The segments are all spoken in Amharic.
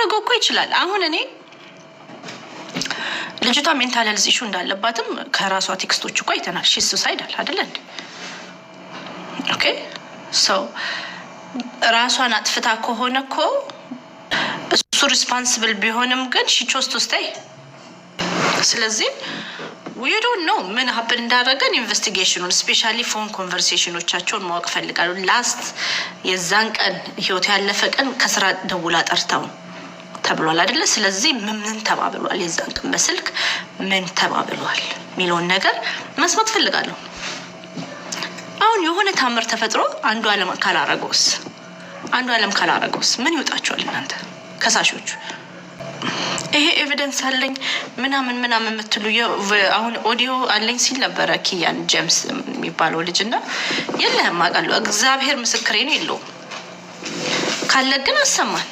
ሊያደርገው እኮ ይችላል። አሁን እኔ ልጅቷ ሜንታል ሄልዝ ኢሹ እንዳለባትም ከራሷ ቴክስቶች እኮ አይተናል። ሺ ሱሳይዳል አይደለ እንዴ? ኦኬ ሰው ራሷን አጥፍታ ከሆነ እኮ እሱ ሪስፓንስብል ቢሆንም ግን ሺ ቾስ ቱ ስቴይ። ስለዚህ ዊዶን ነው ምን ሀፕን እንዳደረገን ኢንቨስቲጌሽኑን ስፔሻሊ ፎን ኮንቨርሴሽኖቻቸውን ማወቅ ፈልጋሉ። ላስት የዛን ቀን ህይወት ያለፈ ቀን ከስራ ደውላ ጠርታውን ተብሏል አይደለ? ስለዚህ ምን ተባብሏል፣ የዛን ቀን በስልክ ምን ተባብሏል የሚለውን ነገር መስማት ፈልጋለሁ። አሁን የሆነ ታምር ተፈጥሮ አንዱ ዓለም ካላረገውስ አንዱ ዓለም ካላረገውስ ምን ይወጣቸዋል? እናንተ ከሳሾቹ ይሄ ኤቪደንስ አለኝ ምናምን ምናምን የምትሉ አሁን ኦዲዮ አለኝ ሲል ነበረ ኪያን ጀምስ የሚባለው ልጅ እና የለህም አውቃለሁ፣ እግዚአብሔር ምስክሬ ነው የለውም። ካለ ግን አሰማን።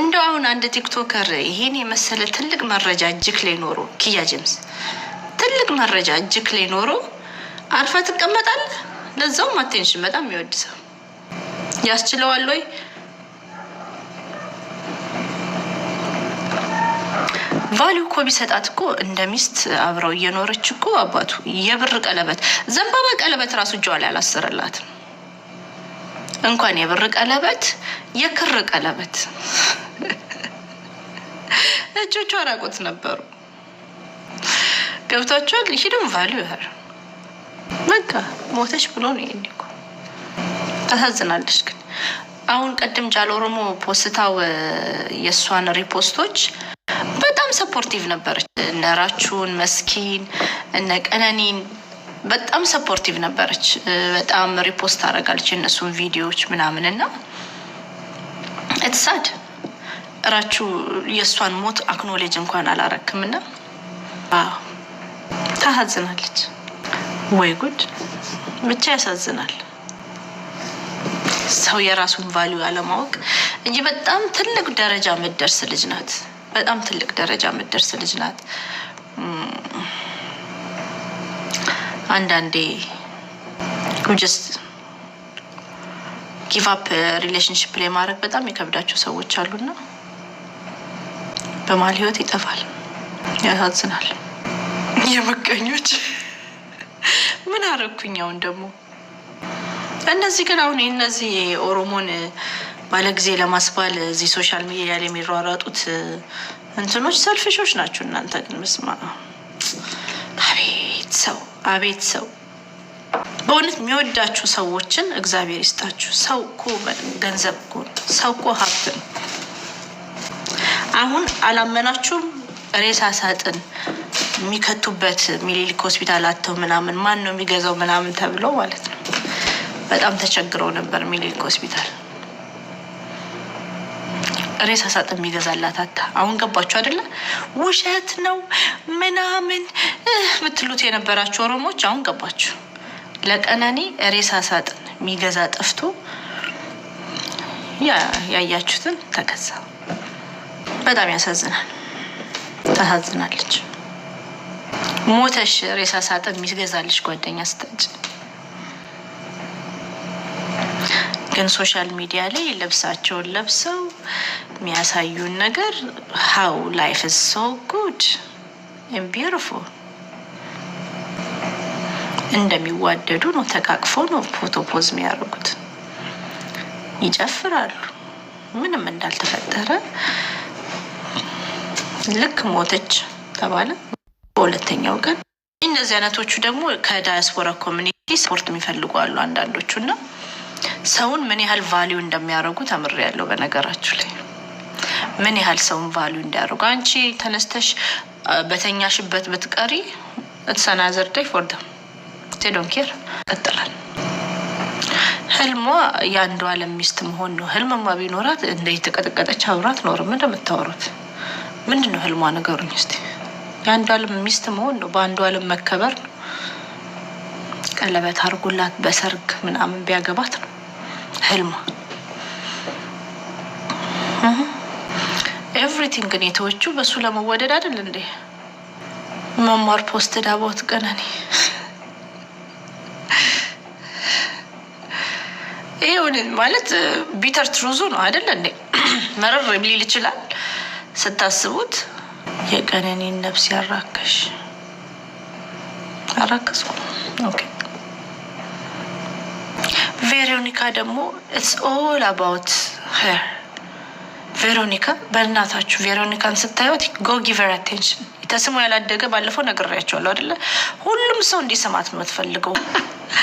እንደው አሁን አንድ ቲክቶከር ይሄን የመሰለ ትልቅ መረጃ እጅክ ላይ ኖሮ ኪያ ጅምስ ትልቅ መረጃ እጅክ ላይ ኖሮ አርፈ ትቀመጣል። ለዛውም አቴንሽን በጣም የሚወድ ሰው ያስችለዋል ወይ? ቫሊዩ እኮ ቢሰጣት እኮ እንደ ሚስት አብረው እየኖረች እኮ አባቱ የብር ቀለበት ዘንባባ ቀለበት ራሱ እጇ ላይ አላሰረላትም። እንኳን የብር ቀለበት የክር ቀለበት እጆቹ አራቆት ነበሩ። ገብቷቸዋል። ይሄ ደግሞ ቫሉ ያህል በቃ ሞተች ብሎ ነው። ይሄን እኮ ታሳዝናለች። ግን አሁን ቅድም ጃል ፖስታው የእሷን ሪፖስቶች በጣም ሰፖርቲቭ ነበረች። እነ መስኪን እነ ቀነኒን በጣም ሰፖርቲቭ ነበረች። በጣም ሪፖስት አደርጋለች የእነሱን ቪዲዮዎች ምናምን እና እትሳድ እራችሁ የእሷን ሞት አክኖሌጅ እንኳን አላረክም እና ታሳዝናለች። ወይ ጉድ ብቻ ያሳዝናል። ሰው የራሱን ቫሊዩ አለማወቅ እንጂ በጣም ትልቅ ደረጃ የምትደርስ ልጅ ናት። በጣም ትልቅ ደረጃ የምትደርስ ልጅ ናት። አንዳንዴ ጀስት ጊቭ አፕ ሪሌሽንሽፕ ላይ ማድረግ በጣም የከብዳቸው ሰዎች አሉና በመሀል ህይወት ይጠፋል። ያሳዝናል። የምቀኞች ምን አረግኩኝ? አሁን ደግሞ እነዚህ ግን አሁን እነዚህ ኦሮሞን ባለጊዜ ለማስባል እዚህ ሶሻል ሚዲያ ላይ የሚሯሯጡት እንትኖች ሰልፍሾች ናቸው። እናንተ ግን ምስማ አቤት ሰው በእውነት የሚወዳችሁ ሰዎችን እግዚአብሔር ይስጣችሁ። ሰው እኮ ገንዘብ እኮ ነው። ሰው እኮ ሀብት ነው። አሁን አላመናችሁም? ሬሳ ሳጥን የሚከቱበት ሚኒሊክ ሆስፒታል አተው ምናምን ማን ነው የሚገዛው ምናምን ተብሎ ማለት ነው። በጣም ተቸግረው ነበር ሚኒሊክ ሆስፒታል ሬሳ ሳጥን የሚገዛላት አታ አሁን ገባችሁ አይደለ? ውሸት ነው ምናምን የምትሉት የነበራችሁ ኦሮሞዎች አሁን ገባችሁ። ለቀነኒ ሬሳ ሳጥን የሚገዛ ጠፍቶ ያያችሁትን ተገዛ። በጣም ያሳዝናል። ታሳዝናለች። ሞተሽ ሬሳ ሳጥን የሚገዛልሽ ጓደኛ ስታጭ ግን ሶሻል ሚዲያ ላይ ልብሳቸውን ለብሰው የሚያሳዩን ነገር ሀው ላይፍ ሶ ጉድ ቢዩቲፉል እንደሚዋደዱ ነው። ተቃቅፎ ነው ፎቶ ፖዝ የሚያደርጉት። ይጨፍራሉ ምንም እንዳልተፈጠረ። ልክ ሞተች ተባለ በሁለተኛው ቀን። እነዚህ አይነቶቹ ደግሞ ከዳያስፖራ ኮሚኒቲ ስፖርት የሚፈልጉ አሉ አንዳንዶቹ እና ሰውን ምን ያህል ቫሊዩ እንደሚያደርጉ ተምሬያለሁ በነገራችሁ ላይ ምን ያህል ሰውን ቫሉ እንዲያደርጉ አንቺ ተነስተሽ በተኛሽበት ብትቀሪ እትሰናዘር ዳይ ፎርደ ቴዶን ኬር ቀጥላል። ህልሟ የአንዱ አለም ሚስት መሆን ነው። ህልምማ ቢኖራት እንደ የተቀጠቀጠች አብራት ኖርም እንደምታወሩት ምንድን ነው ህልሟ? ነገሩኝ እስኪ። የአንዱ አለም ሚስት መሆን ነው፣ በአንዱ አለም መከበር ነው። ቀለበት አድርጎላት በሰርግ ምናምን ቢያገባት ነው ህልሟ። ኤቭሪቲንግ ግን የተወችው በእሱ ለመወደድ አይደል እንዴ? መማር ፖስት ዳቦት ቀነኒ ይሁን ማለት ቢተር ትሩዙ ነው አይደለ እንዴ? መረር ሊል ይችላል ስታስቡት። የቀነኒን ነብስ ያራከሽ አራከስኩ። ቬሮኒካ ደግሞ ኢትስ ኦል አባውት ሄር ቬሮኒካ በእናታችሁ ቬሮኒካን ስታዩት ጎጊቨር አቴንሽን ተስሞ ያላደገ ባለፈው ነግሬያቸዋለሁ አይደለ? ሁሉም ሰው እንዲሰማት ነው የምትፈልገው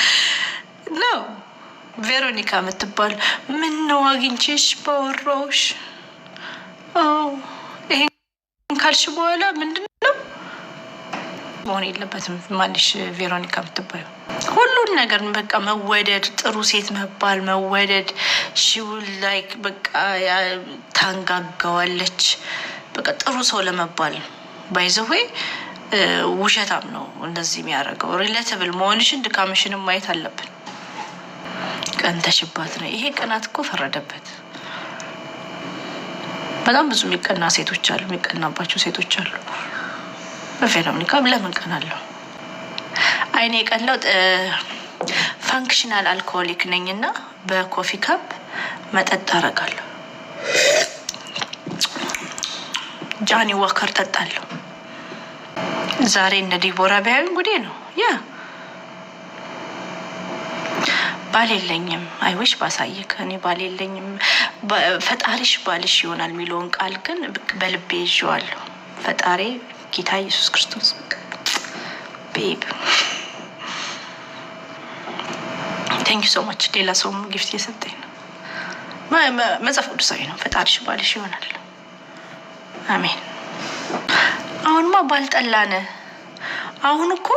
ነው። ቬሮኒካ የምትባል ምን ነው አግኝቼሽ በወራውሽ ይሄን ካልሽ በኋላ ምንድን ነው መሆን የለበትም። ማንሽ ቬሮኒካ የምትባዩ ሁሉን ነገር በቃ መወደድ፣ ጥሩ ሴት መባል፣ መወደድ ሺው ላይክ በቃ ታንጋጋዋለች። በቃ ጥሩ ሰው ለመባል ባይዘሆይ ውሸታም ነው እንደዚህ የሚያደርገው። ሪሌተብል መሆንሽን ድካምሽንም ማየት አለብን። ቀንተሽባት ነው። ይሄ ቅናት እኮ ፈረደበት። በጣም ብዙ የሚቀና ሴቶች አሉ፣ የሚቀናባቸው ሴቶች አሉ። በፌኖም ለምን ቀናለሁ? አይኔ የቀለው ፋንክሽናል አልኮሆሊክ ነኝ እና በኮፊ ካፕ መጠጥ አረጋለሁ። ጃኒ ዋከር ጠጣለሁ። ዛሬ እነ ዲቦራ ቢያዩን ጉዴ ነው። ያ ባል የለኝም። አይዊሽ ባሳይክ እኔ ባል የለኝም። ፈጣሪሽ ባልሽ ይሆናል የሚለውን ቃል ግን በልቤ ይዤዋለሁ። ፈጣሪ ጌታ ኢየሱስ ክርስቶስ ቤብ ታንክ ሶ ማች። ሌላ ሰው ጊፍት እየሰጠኝ ነው። መጽሐፍ ቅዱሳዊ ነው። ፈጣሪሽ ባልሽ ይሆናል። አሜን። አሁንማ ባልጠላነ አሁን እኮ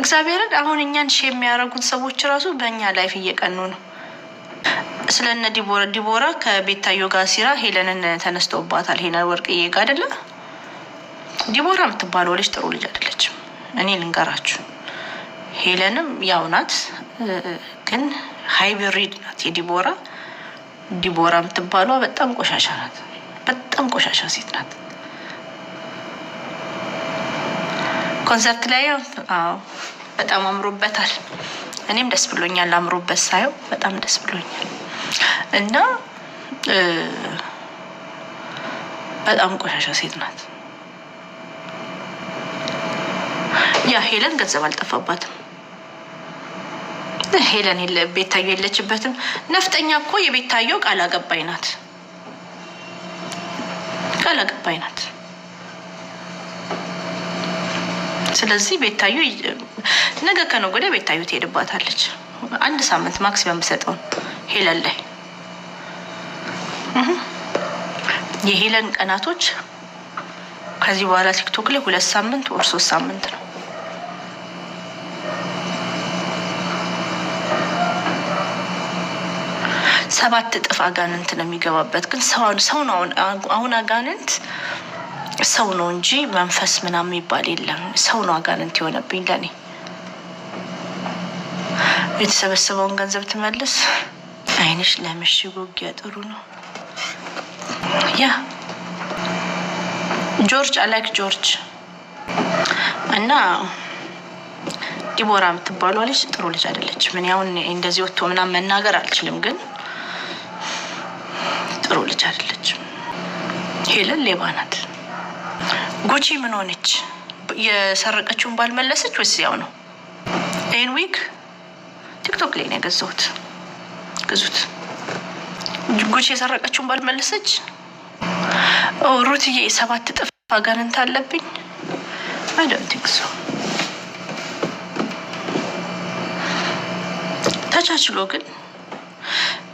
እግዚአብሔርን አሁን እኛን ሺ የሚያደርጉት ሰዎች ራሱ በእኛ ላይፍ እየቀኑ ነው። ስለነ ዲቦራ ዲቦራ ከቤታዮ ጋር ሲራ ሄለንን ተነስተውባታል። ሄለን ወርቅዬ ጋ አደለ ዲቦራ የምትባለው ልጅ ጥሩ ልጅ አደለችም። እኔ ልንገራችሁ ሄለንም ያው ናት ግን ሃይብሪድ ናት የዲቦራ ዲቦራ የምትባሏ በጣም ቆሻሻ ናት። በጣም ቆሻሻ ሴት ናት። ኮንሰርት ላይ በጣም አምሮበታል። እኔም ደስ ብሎኛል፣ አምሮበት ሳየው በጣም ደስ ብሎኛል። እና በጣም ቆሻሻ ሴት ናት። ያ ሄለን ገንዘብ አልጠፋባትም። ሄለን ቤታዮ የለችበትም። ነፍጠኛ እኮ የቤታዮ ቃል አቀባይ ናት፣ ቃል አቀባይ ናት። ስለዚህ ቤታዮ ነገ ከነገ ወዲያ ቤታዮ ትሄድባታለች። አንድ ሳምንት ማክስ በምሰጠውን ሄለን ላይ የሄለን ቀናቶች ከዚህ በኋላ ቲክቶክ ላይ ሁለት ሳምንት ወር ሶስት ሳምንት ነው። ሰባት እጥፍ አጋንንት ነው የሚገባበት። ግን ሰው ነው አሁን አጋንንት ሰው ነው እንጂ መንፈስ ምናምን የሚባል የለም። ሰው ነው አጋንንት የሆነብኝ ለኔ። የተሰበሰበውን ገንዘብ ትመልስ። አይንሽ ለምሽጉ ውጊያ ጥሩ ነው። ያ ጆርጅ አላክ ጆርጅ እና ዲቦራ የምትባሏ ልጅ ጥሩ ልጅ አይደለች ምን ያሁን እንደዚህ ወጥቶ ምናምን መናገር አልችልም ግን ልጅ አይደለችም። ሄለን ሌባ ናት። ጉቺ ምን ሆነች? የሰረቀችውን ባልመለሰች ወይስ ያው ነው? ይህን ዊግ ቲክቶክ ላይ ነው የገዛሁት። ግዙት። ጉቺ የሰረቀችውን ባልመለሰች ሩትዬ ሰባት እጥፍ አጋንንት አለብኝ። አይ ዶንት ቲንክ ሶ። ተቻችሎ ግን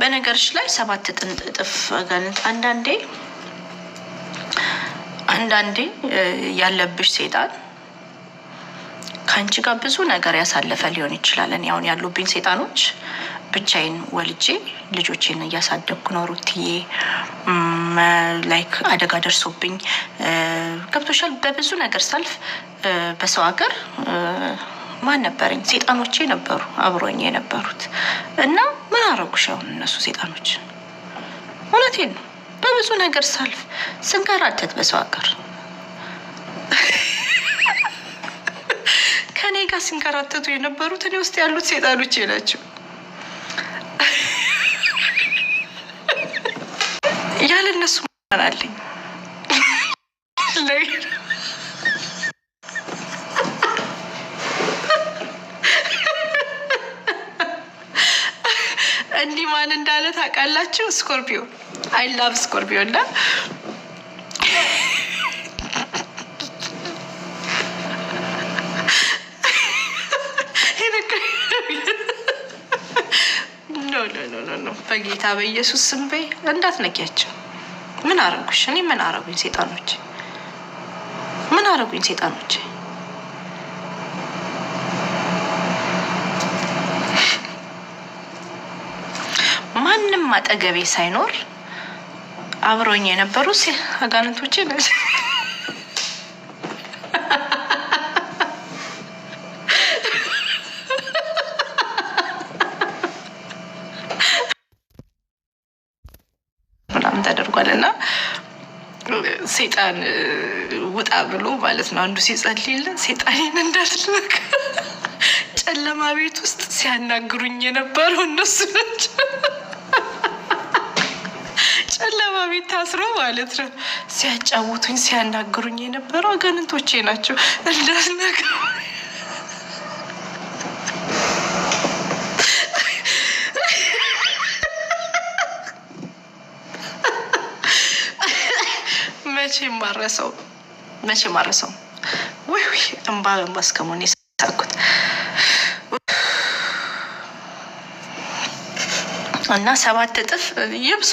በነገርሽ ላይ ሰባት ጥንጥፍ አጋንንት አንዳንዴ አንዳንዴ ያለብሽ ሴጣን ከአንቺ ጋር ብዙ ነገር ያሳለፈ ሊሆን ይችላል። እኔ አሁን ያሉብኝ ሴጣኖች ብቻዬን ወልጄ ልጆቼን እያሳደግኩ ነው። ሩትዬ ላይክ አደጋ ደርሶብኝ ገብቶሻል። በብዙ ነገር ሳልፍ በሰው ሀገር ማን ነበረኝ? ሴጣኖቼ ነበሩ አብሮኝ የነበሩት እና አረጉሽ አሁን እነሱ ሴጣኖች። እውነቴን ነው። በብዙ ነገር ሳልፍ ስንከራተት በሰው ሀገር ከኔ ጋር ሲንከራተቱ የነበሩት እኔ ውስጥ ያሉት ሴጣኖች ናቸው። ያለ እነሱ ማን አለኝ? ሰንዲ ማን እንዳለ ታውቃላችሁ? ስኮርፒዮ አይ ላቭ ስኮርፒዮ እና በጌታ በኢየሱስ ስም በይ እንዳትነቂያቸው። ምን አረጉሽ? እኔ ምን አረጉኝ? ሴጣኖች ምን አረጉኝ? ሴጣኖች ማንም አጠገቤ ሳይኖር አብሮኝ የነበሩ አጋንንቶች ናቸው። ተደርጓል እና ሴጣን ውጣ ብሎ ማለት ነው። አንዱ ሲጸልይልን ሴጣኔን እንዳትልክ ጨለማ ቤት ውስጥ ሲያናግሩኝ የነበረው እነሱ ናቸው። ጨለማ ቤት ታስሮ ማለት ነው። ሲያጫውቱኝ ሲያናግሩኝ የነበረው አጋንንቶቼ ናቸው። እንዳስነገ መቼ ማረሰው መቼ ማረሰው ወይ እምባ በእምባ እስከ መሆን እና ሰባት እጥፍ ይብሱ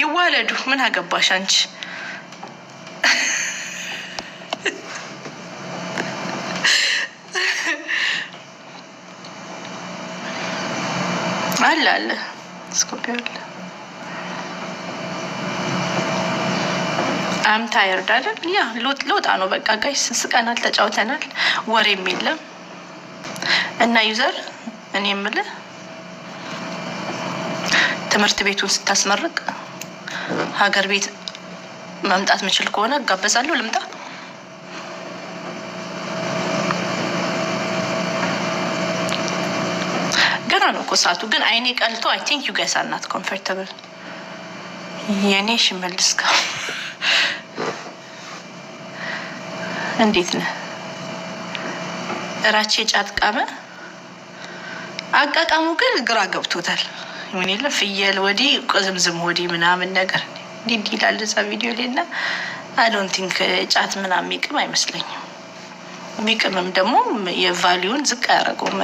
ይዋለዱ። ምን አገባሽ አንቺ? አለ አለ ስኮፒ አለ አምታ አይደል? ያ ልወጣ ነው በቃ ጋይስ፣ ስቀናል፣ ተጫውተናል፣ ወሬም የለም እና ዩዘር እኔ የምልህ ትምህርት ቤቱን ስታስመርቅ ሀገር ቤት መምጣት ምችል ከሆነ እጋበዛለሁ። ልምጣ። ገና ነው እኮ ሰዓቱ። ግን አይኔ ቀልቶ አይ ቲንክ ዩ ጋይስ አር ናት ኮምፎርታብል የእኔ ሽመልስ ጋ እንዴት ነህ? እራቼ ጫት ቃመ። አቃቃሙ ግን ግራ ገብቶታል። ምን የለ ፍየል ወዲህ ቅዝምዝም ወዲህ ምናምን ነገር እንዲህ ይላል እዛ ቪዲዮ ላይ እና አዶን ቲንክ ጫት ምናምን የሚቅም አይመስለኝም። የሚቅምም ደግሞ የቫሊዩን ዝቅ አያደርገውም።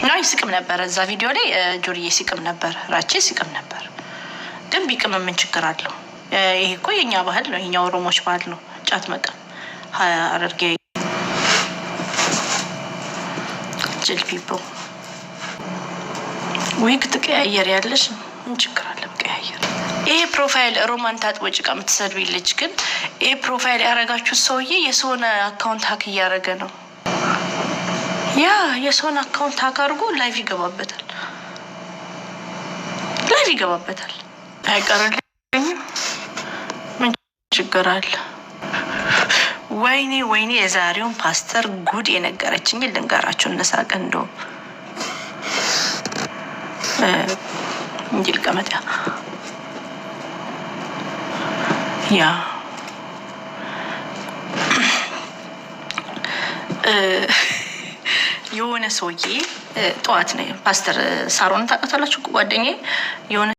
እኔ ሲቅም ነበር እዛ ቪዲዮ ላይ ጆርዬ ሲቅም ነበር፣ ራቼ ሲቅም ነበር። ግን ቢቅም ምን ችግር አለው? ይሄ እኮ የእኛ ባህል ነው፣ የኛ ኦሮሞች ባህል ነው ጫት መቀም ሀረርጌ ጅልቢቦ ዊግ ትቀያየር ያለሽ ምን ችግር አለ? ቀያየር። ይሄ ፕሮፋይል ሮማን ታጥቦ ጭቃ የምትሰድቢ ልጅ ግን ይሄ ፕሮፋይል ያደረጋችሁት ሰውዬ የሰውን አካውንት ሀክ እያደረገ ነው። ያ የሰውን አካውንት ሀክ አድርጎ ላይቭ ይገባበታል፣ ላይቭ ይገባበታል። አይቀርልኝም ምን ችግር አለ? ወይኔ ወይኔ የዛሬውን ፓስተር ጉድ የነገረችኝ ልንገራችሁ። እነሳቅ እንዶ እንዲል ቀመጥያ ያ የሆነ ሰውዬ ጠዋት ነው ፓስተር ሳሮን ታውቃታላችሁ ጓደኛዬ የሆነ